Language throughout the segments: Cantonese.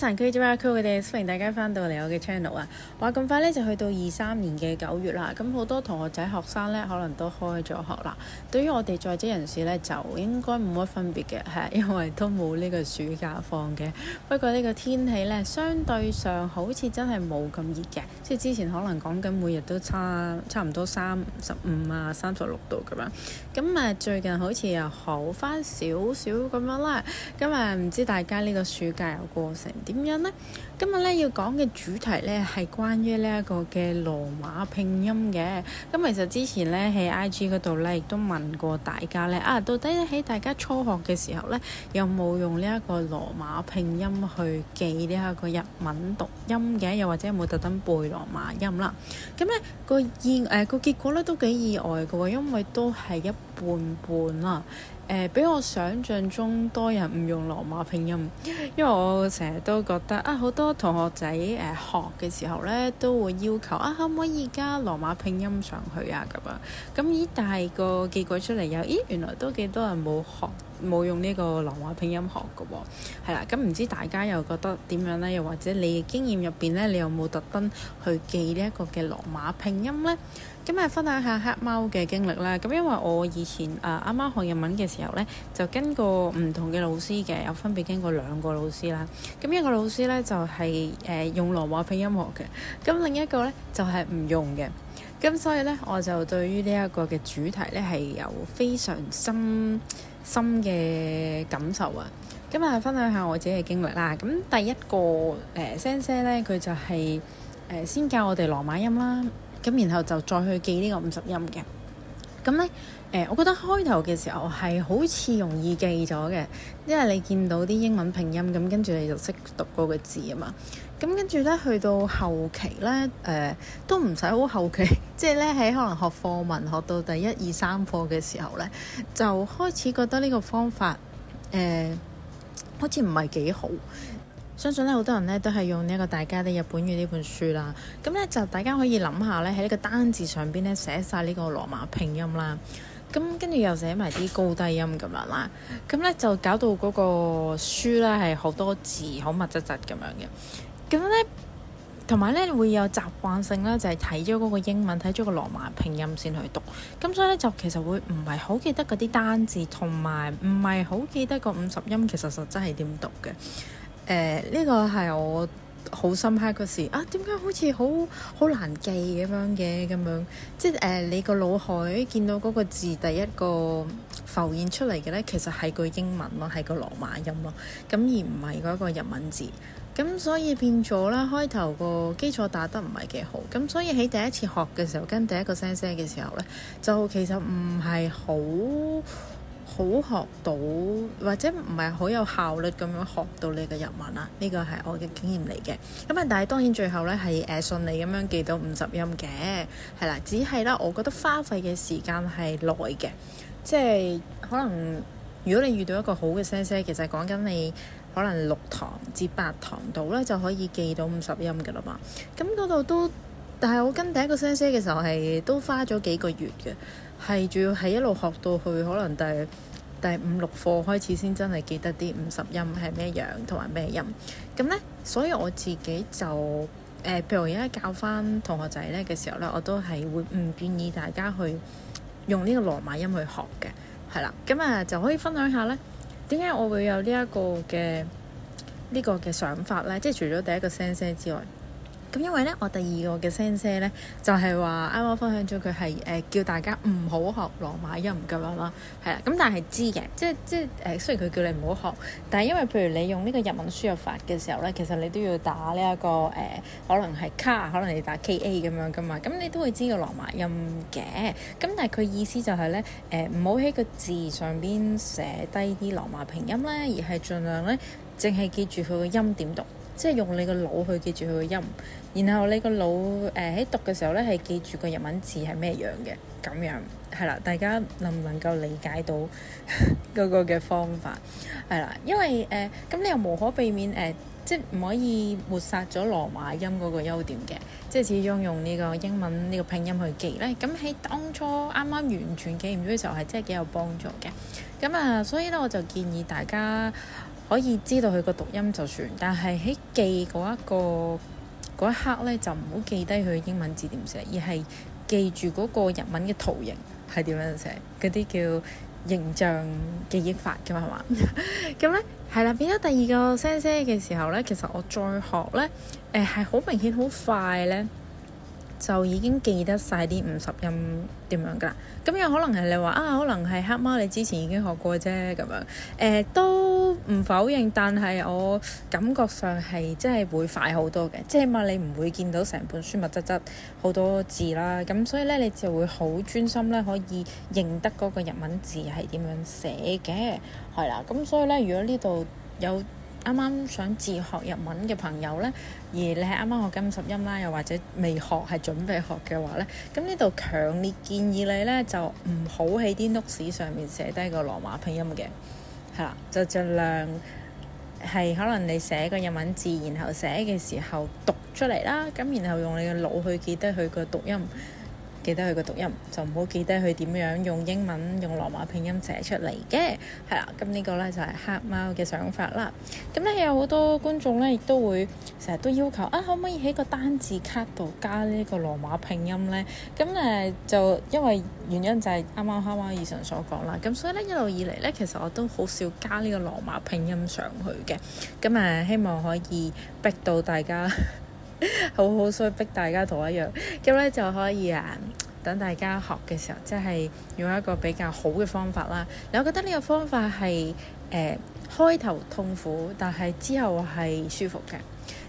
晨區、早我哋歡迎大家翻到嚟我嘅 channel 啊！話咁快呢，就去到二三年嘅九月啦，咁好多同學仔學生呢，可能都開咗學啦。對於我哋在職人士呢，就應該冇乜分別嘅，係因為都冇呢個暑假放嘅。不過呢個天氣呢，相對上好似真係冇咁熱嘅，即係之前可能講緊每日都差差唔多三十五啊、三十六度咁樣。咁誒，最近好似又好翻少少咁樣啦。咁誒，唔知大家呢個暑假有過成？點樣咧？今日咧要講嘅主題咧係關於呢一個嘅羅馬拼音嘅。咁其實之前咧喺 IG 度咧亦都問過大家咧，啊到底喺大家初學嘅時候咧有冇用呢一個羅馬拼音去記呢一個日文讀音嘅？又或者有冇特登背羅馬音啦？咁、那、咧個意誒個、呃、結果咧都幾意外嘅，因為都係一半半啊。誒、呃、比我想象中多人唔用羅馬拼音，因為我成日都覺得啊好多。同學仔誒學嘅時候咧，都會要求啊，可唔可以加羅馬拼音上去啊咁樣？咁咦大個結果出嚟又咦，原來都幾多人冇學冇用呢個羅馬拼音學㗎喎、啊？係啦，咁、嗯、唔知大家又覺得點樣咧？又或者你嘅經驗入邊咧，你有冇特登去記呢一個嘅羅馬拼音咧？今日、嗯、分享下黑貓嘅經歷啦。咁、嗯、因為我以前誒啱啱學日文嘅時候呢，就跟過唔同嘅老師嘅，有分別經過兩個老師啦。咁、嗯、一個老師呢，就係、是、誒、呃、用羅馬拼音學嘅，咁、嗯、另一個呢，就係、是、唔用嘅。咁、嗯、所以呢，我就對於呢一個嘅主題呢，係有非常深深嘅感受啊。今、嗯、日、嗯嗯嗯、分享下我自己嘅經歷啦。咁、嗯嗯、第一個誒聲聲呢，佢、呃、就係、是呃、先教我哋羅馬音啦。咁然後就再去記呢個五十音嘅。咁呢，誒、呃，我覺得開頭嘅時候係好似容易記咗嘅，因為你見到啲英文拼音，咁跟住你就識讀嗰個字啊嘛。咁跟住呢，去到後期呢，誒、呃，都唔使好後期，即 係呢，喺可能學課文學到第一二三課嘅時候呢，就開始覺得呢個方法，誒、呃，好似唔係幾好。相信咧，好多人咧都係用呢一個《大家的日本語》呢本書啦。咁咧就大家可以諗下咧，喺呢個單字上邊咧寫晒呢個羅馬拼音啦。咁跟住又寫埋啲高低音咁樣啦。咁咧就搞到嗰個書咧係好多字好密質質咁樣嘅。咁咧同埋咧會有習慣性咧，就係睇咗嗰個英文，睇咗個羅馬拼音先去讀。咁所以咧就其實會唔係好記得嗰啲單字，同埋唔係好記得個五十音其實實質係點讀嘅。誒呢、呃這個係我好深刻嘅事啊，點解好似好好難記咁樣嘅？咁樣即係誒、呃、你個腦海見到嗰個字，第一個浮現出嚟嘅咧，其實係句英文咯，係個羅馬音咯，咁而唔係嗰個日文字。咁所以變咗啦，開頭個基礎打得唔係幾好，咁所以喺第一次學嘅時候，跟第一個聲聲嘅時候咧，就其實唔係好。好學到或者唔係好有效率咁樣學到你嘅日文啦，呢個係我嘅經驗嚟嘅。咁啊，但係當然最後呢係誒順利咁樣記到五十音嘅，係啦。只係咧，我覺得花費嘅時間係耐嘅，即係可能如果你遇到一個好嘅先生，其實講緊你可能六堂至八堂度呢，就可以記到五十音噶啦嘛。咁嗰度都，但係我跟第一個先生嘅時候係都花咗幾個月嘅，係主要係一路學到去可能第。第五六課開始先真係記得啲五十音係咩樣，同埋咩音。咁呢，所以我自己就、呃、譬如而家教翻同學仔呢嘅時候呢，我都係會唔建議大家去用呢個羅馬音去學嘅，係啦。咁啊、呃，就可以分享下呢點解我會有呢一個嘅呢、呢個嘅想法呢？即係除咗第一個聲聲之外。咁因為咧，我第二個嘅 sense 咧，就係話啱啱分享咗佢係誒叫大家唔好學羅馬音咁樣啦，係啦。咁但係知嘅，即係即係誒、呃，雖然佢叫你唔好學，但係因為譬如你用呢個日文輸入法嘅時候咧，其實你都要打呢、這、一個誒、呃，可能係卡，可能你打 K A 咁樣噶嘛。咁你都會知個羅馬音嘅。咁但係佢意思就係、是、咧，誒唔好喺個字上邊寫低啲羅馬拼音咧，而係盡量咧，淨係記住佢個音點讀。即係用你個腦去記住佢個音，然後你個腦誒喺、呃、讀嘅時候咧，係記住個日文字係咩樣嘅，咁樣係啦。大家能唔能夠理解到嗰 個嘅方法係啦？因為誒咁、呃、你又無可避免誒、呃，即係唔可以抹殺咗羅馬音嗰個優點嘅，即係始終用呢個英文呢個拼音去記咧。咁喺當初啱啱完全記唔住嘅時候，係真係幾有幫助嘅。咁啊，所以咧我就建議大家。可以知道佢個讀音就算，但係喺記嗰、那、一個嗰一刻咧，就唔好記低佢英文字點寫，而係記住嗰個日文嘅圖形係點樣寫，嗰啲叫形象記憶法㗎嘛係嘛？咁咧係啦，變咗第二個聲聲嘅時候咧，其實我再學咧，誒係好明顯好快咧。就已經記得晒啲五十音點樣㗎？咁有可能係你話啊，可能係黑貓你之前已經學過啫咁樣。誒、呃、都唔否認，但係我感覺上係即係會快好多嘅。即係嘛，你唔會見到成本書密質質好多字啦。咁所以咧，你就會好專心咧，可以認得嗰個日文字係點樣寫嘅。係啦，咁所以咧，如果呢度有，啱啱想自學日文嘅朋友呢，而你係啱啱學金十音學緊五十音啦，又或者未學係準備學嘅話呢，咁呢度強烈建議你呢，就唔好喺啲 note 上面寫低個羅馬拼音嘅，係啦，就儘量係可能你寫個日文字，然後寫嘅時候讀出嚟啦，咁然後用你嘅腦去記得佢個讀音。記得佢個讀音，就唔好記得佢點樣用英文用羅馬拼音寫出嚟嘅，係啦。咁呢個呢就係黑貓嘅想法啦。咁呢，有好多觀眾呢亦都會成日都要求：「啊，可唔可以喺個單字卡度加呢個羅馬拼音呢？」咁誒，就因為原因就係啱啱黑貓以上所講啦。咁所以呢，一路以嚟呢，其實我都好少加呢個羅馬拼音上去嘅。咁誒，希望可以逼到大家 好好，所以逼大家同一樣。咁 咧就可以啊。等大家學嘅時候，即係用一個比較好嘅方法啦。你我覺得呢個方法係誒、呃、開頭痛苦，但係之後係舒服嘅。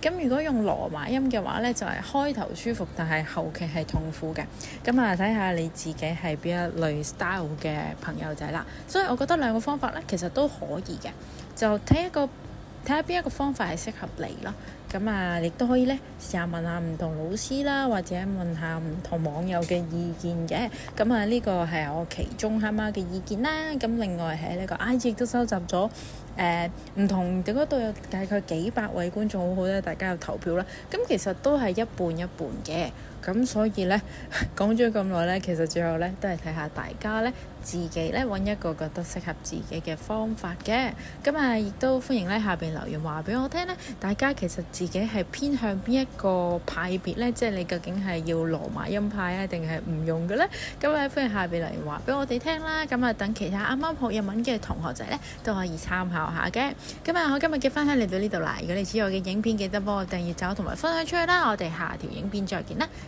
咁如果用羅馬音嘅話呢，就係、是、開頭舒服，但係後期係痛苦嘅。咁啊，睇下你自己係邊一類 style 嘅朋友仔啦。所以，我覺得兩個方法呢，其實都可以嘅。就睇一個，睇下邊一個方法係適合你咯。咁啊，亦都可以咧，試下問下唔同老師啦，或者問下唔同網友嘅意見嘅。咁啊，呢、這個係我其中嚇嘛嘅意見啦。咁另外喺呢、這個 IG、啊、都收集咗誒唔同，整嗰度有大概幾百位觀眾，好好咧，大家有投票啦。咁其實都係一半一半嘅。咁所以呢，講咗咁耐呢，其實最後呢都係睇下大家呢，自己呢揾一個覺得適合自己嘅方法嘅。咁啊，亦都歡迎呢下邊留言話俾我聽呢，大家其實自己係偏向邊一個派別呢？即係你究竟係要羅馬音派啊，定係唔用嘅呢？咁啊，歡迎下邊留言話俾我哋聽啦。咁啊，等其他啱啱學日文嘅同學仔呢，都可以參考下嘅。咁啊，我今日嘅分享嚟到呢度啦。如果你知我嘅影片，記得幫我訂閱讚好同埋分享出去啦。我哋下條影片再見啦。